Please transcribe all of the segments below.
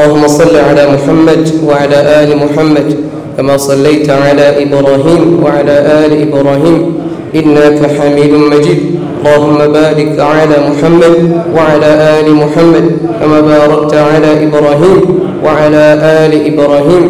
اللهم صل على محمد وعلى آل محمد كما صليت على إبراهيم وعلى آل إبراهيم إنك حميد مجيد اللهم بارك على محمد وعلى آل محمد كما باركت على إبراهيم وعلى آل إبراهيم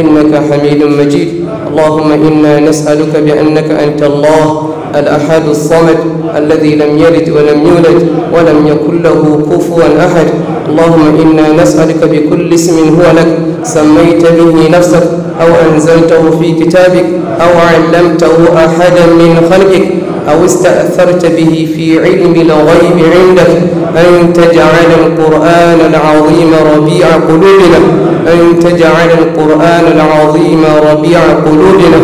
إنك حميد مجيد اللهم إنا نسألك بأنك أنت الله الأحد الصمد الذي لم يلد ولم يولد ولم يكن له كفوا أحد اللهم إنا نسألك بكل اسم هو لك سميت به نفسك أو أنزلته في كتابك أو علمته أحدا من خلقك أو استأثرت به في علم الغيب عندك أن تجعل القرآن العظيم ربيع قلوبنا أن تجعل القرآن العظيم ربيع قلوبنا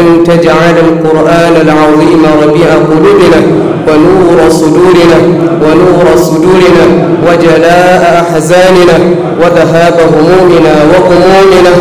أن تجعل القرآن العظيم ربيع قلوبنا ونور صدورنا ونور صدورنا وجلاء أحزاننا وذهاب همومنا وغمومنا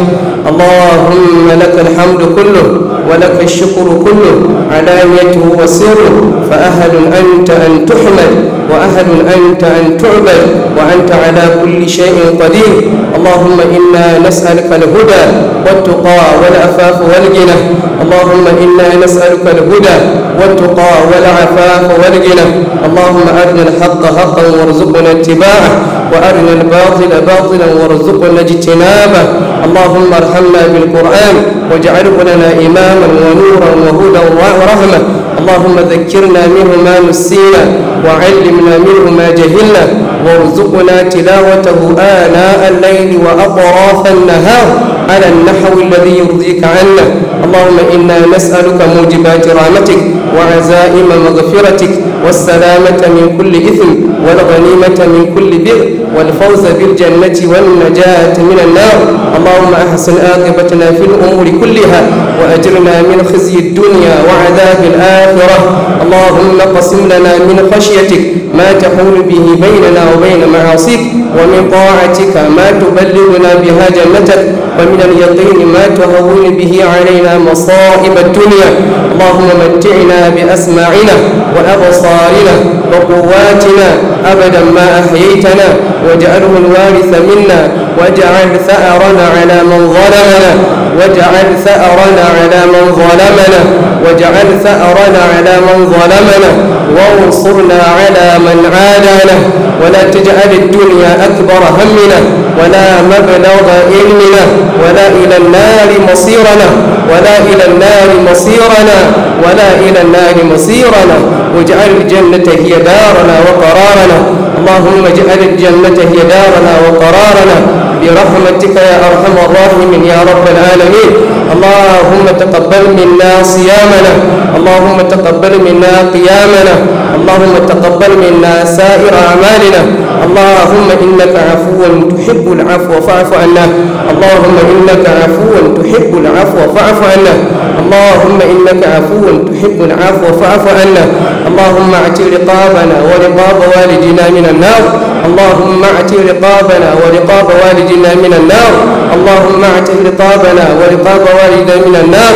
اللهم لك الحمد كله ولك الشكر كله علانيته وسره فأهل أنت أن تحمد وأهل أنت أن تعبد وأنت على كل شيء قدير اللهم إنا نسألك الهدى والتقى والعفاف والجنة اللهم إنا نسألك الهدى والتقى والعفاف والجنة اللهم أرنا الحق حقا وارزقنا اتباعه وأرنا الباطل باطلا وارزقنا اجتنابه اللهم ارحمنا بالقرآن واجعله لنا إماما ونورا وهدى ورحمة اللهم ذكرنا منه ما نسينا وعلمنا منه ما جهلنا وارزقنا تلاوته آناء الليل وأطراف النهار على النحو الذي يرضيك عنا اللهم إنا نسألك موجبات رحمتك وعزائم مغفرتك والسلامة من كل إثم والغنيمة من كل بر والفوز بالجنة والنجاة من النار اللهم أحسن عاقبتنا في الأمور كلها وأجرنا من خزي الدنيا وعذاب الآخرة اللهم قسم لنا من خشيتك ما تحول به بيننا وبين معاصيك ومن طاعتك ما تبلغنا بها جنتك ومن اليقين ما تهون به علينا مصائب الدنيا اللهم متعنا بأسماعنا وأبصارنا وقواتنا أبدا ما أحييتنا واجعله الوارث منا واجعل ثأرنا على من ظلمنا واجعل ثأرنا على من ظلمنا واجعل ثأرنا على من ظلمنا وانصرنا على من عادانا ولا تجعل الدنيا أكبر همنا ولا مبلغ علمنا ولا إلى النار مصيرنا ولا إلى النار مصيرنا ولا إلى النار مصيرنا واجعل الجنة هي دارنا وقرارنا اللهم اجعل الجنة هي دارنا وقرارنا برحمتك يا أرحم الراحمين يا رب العالمين اللهم تقبل منا صيامنا اللهم تقبل منا قيامنا اللهم تقبل منا سائر أعمالنا اللهم إنك عفو تحب العفو فاعف عنا اللهم إنك عفو تحب العفو فاعف عنا اللهم إنك عفو تحب العفو فاعف عنا اللهم اعتق رقابنا ورقاب والدينا من النار اللهم اعت رقابنا ورقاب والدنا من النار اللهم اعت رقابنا ورقاب والدنا من النار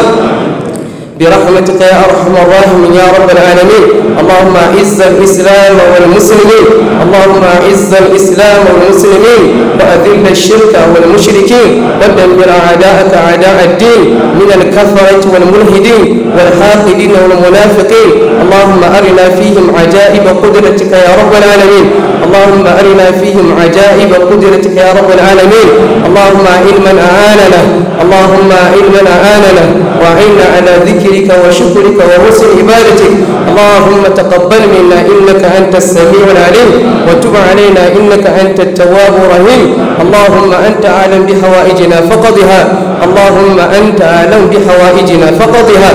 برحمتك يا ارحم الراحمين يا رب العالمين اللهم اعز الاسلام والمسلمين اللهم اعز الاسلام والمسلمين واذل الشرك والمشركين ودمر اعداءك اعداء الدين من الكفره والملحدين والحاقدين والمنافقين اللهم ارنا فيهم عجائب قدرتك يا رب العالمين اللهم أرنا فيهم عجائب قدرتك يا رب العالمين اللهم علما أعاننا اللهم علما أعاننا أعنا على ذكرك وشكرك وحسن عبادتك اللهم تقبل منا إنك أنت السميع العليم وتب علينا إنك أنت التواب الرحيم اللهم أنت أعلم بحوائجنا فقدها اللهم أنت أعلم بحوائجنا فقدها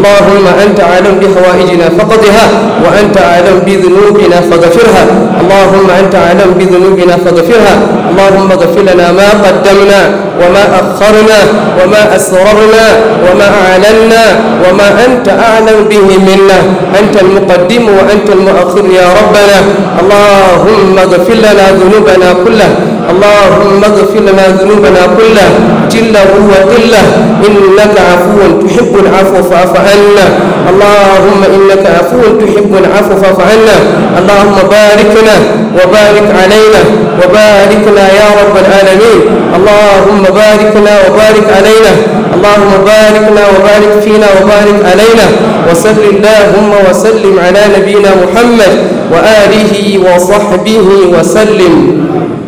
اللهم أنت أعلم بحوائجنا فقدها وأنت أعلم بذنوبنا فاغفرها اللهم أنت أعلم بذنوبنا فاغفرها اللهم اغفر لنا ما قدمنا وما أخرنا وما أسررنا وما أعلنا وما أنت أعلم به منا أنت المقدم وأنت المؤخر يا ربنا اللهم اغفر لنا ذنوبنا كلها اللهم اغفر لنا ذنوبنا كلها جله وقله إنك عفو تحب العفو فاعف عنا اللهم إنك عفو تحب العفو فاعف عنا اللهم باركنا وبارك علينا وباركنا يا رب العالمين اللهم باركنا وبارك علينا اللهم باركنا وبارك فينا وبارك علينا وسل اللهم وسلم على نبينا محمد وآله وصحبه وسلم